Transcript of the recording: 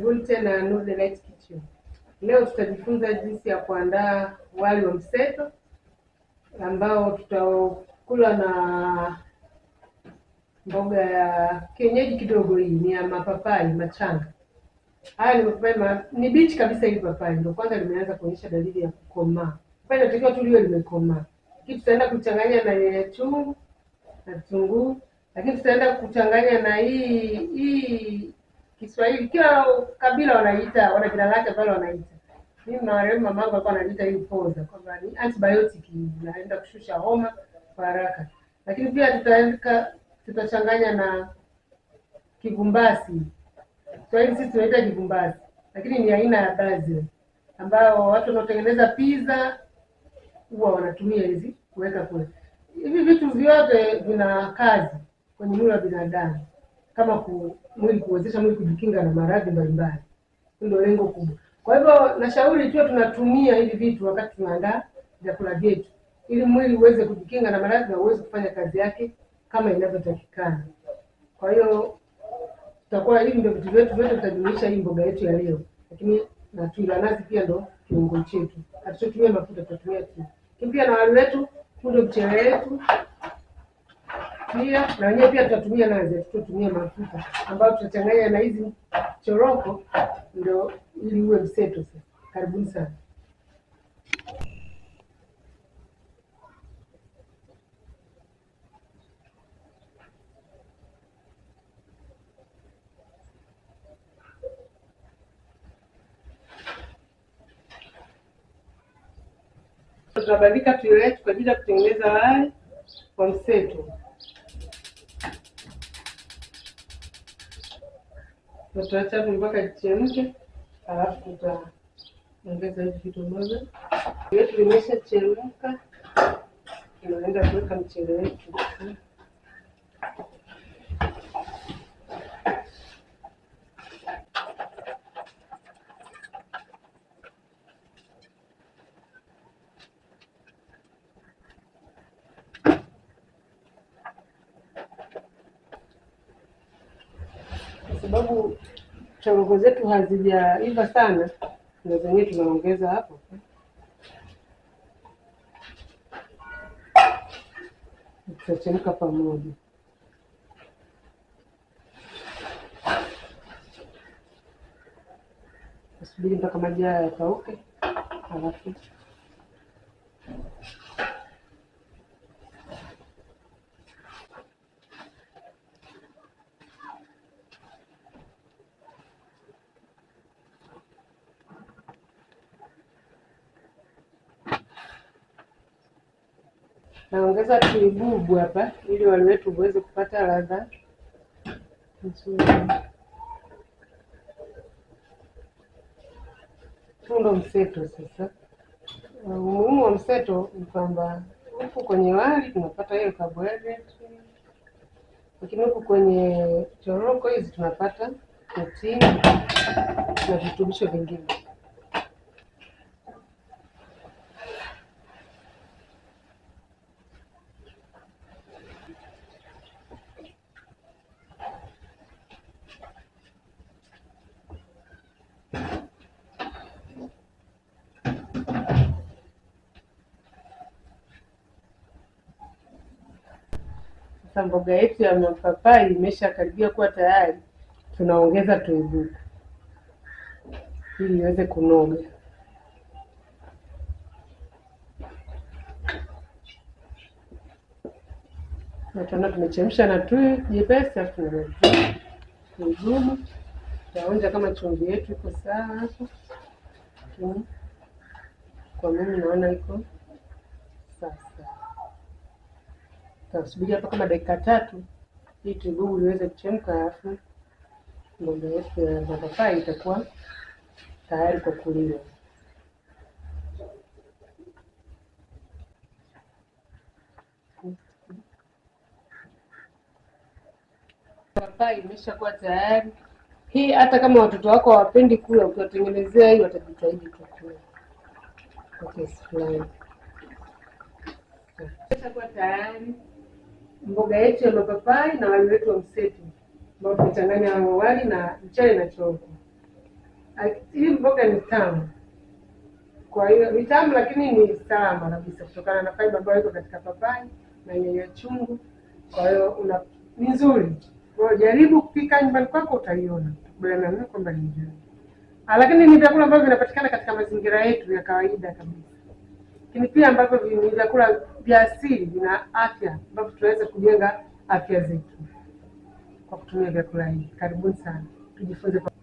Gulte uh, na Nuru Light Kitchen. Leo tutajifunza jinsi ya kuandaa wali wa mseto ambao tutakula na mboga ya kienyeji kidogo. Hii ni ya mapapai machanga. Haya ni mapapai ma... ni bichi kabisa. Hili papai ndio kwanza limeanza kuonyesha dalili ya kukomaa. Papai inatakiwa tu liwe limekomaa, lakini tutaenda kuchanganya na nyanya chungu na vitunguu, lakini tutaenda kuchanganya na hii hii Kiswahili, kila kabila wanaita wana jina lake ambalo wanaita. Mimi na mama mamangu alikuwa ananiita hiyo poza kwamba ni antibiotic inaenda kushusha homa kwa haraka, lakini pia tutaweka tutachanganya na kigumbasi. Kiswahili sisi tunaita kigumbasi, lakini ni aina ya basil ambayo watu wanaotengeneza pizza huwa wanatumia hizi kuweka kule. Hivi vitu vyote vina kazi kwenye mwili wa binadamu kama ku, mwili kuwezesha mwili kujikinga na maradhi mbalimbali. Ndio lengo kubwa. Kwa hivyo nashauri tuwe tunatumia hivi vitu wakati tunaandaa vyakula vyetu ili mwili uweze kujikinga na maradhi na uweze kufanya kazi yake kama inavyotakikana. Kwa hiyo tutakuwa hivi ndio vitu vyetu vyote tutajumuisha hii mboga yetu ya leo. Lakini na tui la nazi pia ndo kiungo chetu. Hatutumia mafuta tutatumia tu. Pia na wali wetu, ndio mchele wetu pia na wenyewe pia tutatumia nazi, tutatumia mafuta ambayo tutachanganya na hizi choroko ndio ili uwe mseto. karibuni sana. Tunabandika tuile kwa ajili ya kutengeneza wali wa mseto. tutaacha hapo mpaka kichemke, alafu tutaongeza hivi vidomaza wetu. Vimeshachemka, tunaenda kuweka mchele wetu. sababu choroko zetu hazijaiva sana, na zenyewe tunaongeza hapo. Tutachemka pamoja. Tusubiri mpaka maji haya yakauke, alafu naongeza kibubu hapa ili wali wetu uweze kupata ladha nzuri. Tundo mseto sasa. Umuhimu wa mseto ni kwamba huku kwenye wali tunapata hiyo carbohydrate, lakini huku kwenye choroko hizi tunapata protini na virutubisho vingine. Sasa mboga yetu ya mapapai imeshakaribia kuwa tayari, tunaongeza tuibuke ili iweze kunoga. Tunaona tumechemsha na tui jepesi, afu tunamalizia ugumu. Taonja kama chumvi yetu iko sawa hapo. Kwa mimi naona iko sawa sawa tutasubiria hapa kama dakika tatu ili tulugu liweze kuchemka, alafu ngombe yetu ya mapapai itakuwa tayari kwa kuliwa. Papai imeshakuwa tayari. Hii hata kama watoto wako hawapendi kula, ukiwatengenezea hii watajitahidi kukula. Okay, fulani imeshakuwa tayari mboga yetu ya mapapai na wali wetu wa mseto ambao tumechanganya wali na mchele na chongo. Hii mboga ni tamu, kwa hiyo ni tamu lakini ni salama kabisa kutokana na fiber ambayo iko katika papai na nyanya chungu. Kwa hiyo una ni nzuri, jaribu kupika nyumbani kwako, utaiona utakubaliana nami kwamba ni nzuri, ah, lakini ni vyakula ambavyo vinapatikana katika mazingira yetu ya kawaida kabisa, lakini pia ambavyo ni vyakula vya asili afya ambavyo tunaweza kujenga afya zetu kwa kutumia vyakula hivi. Karibuni sana tujifunze.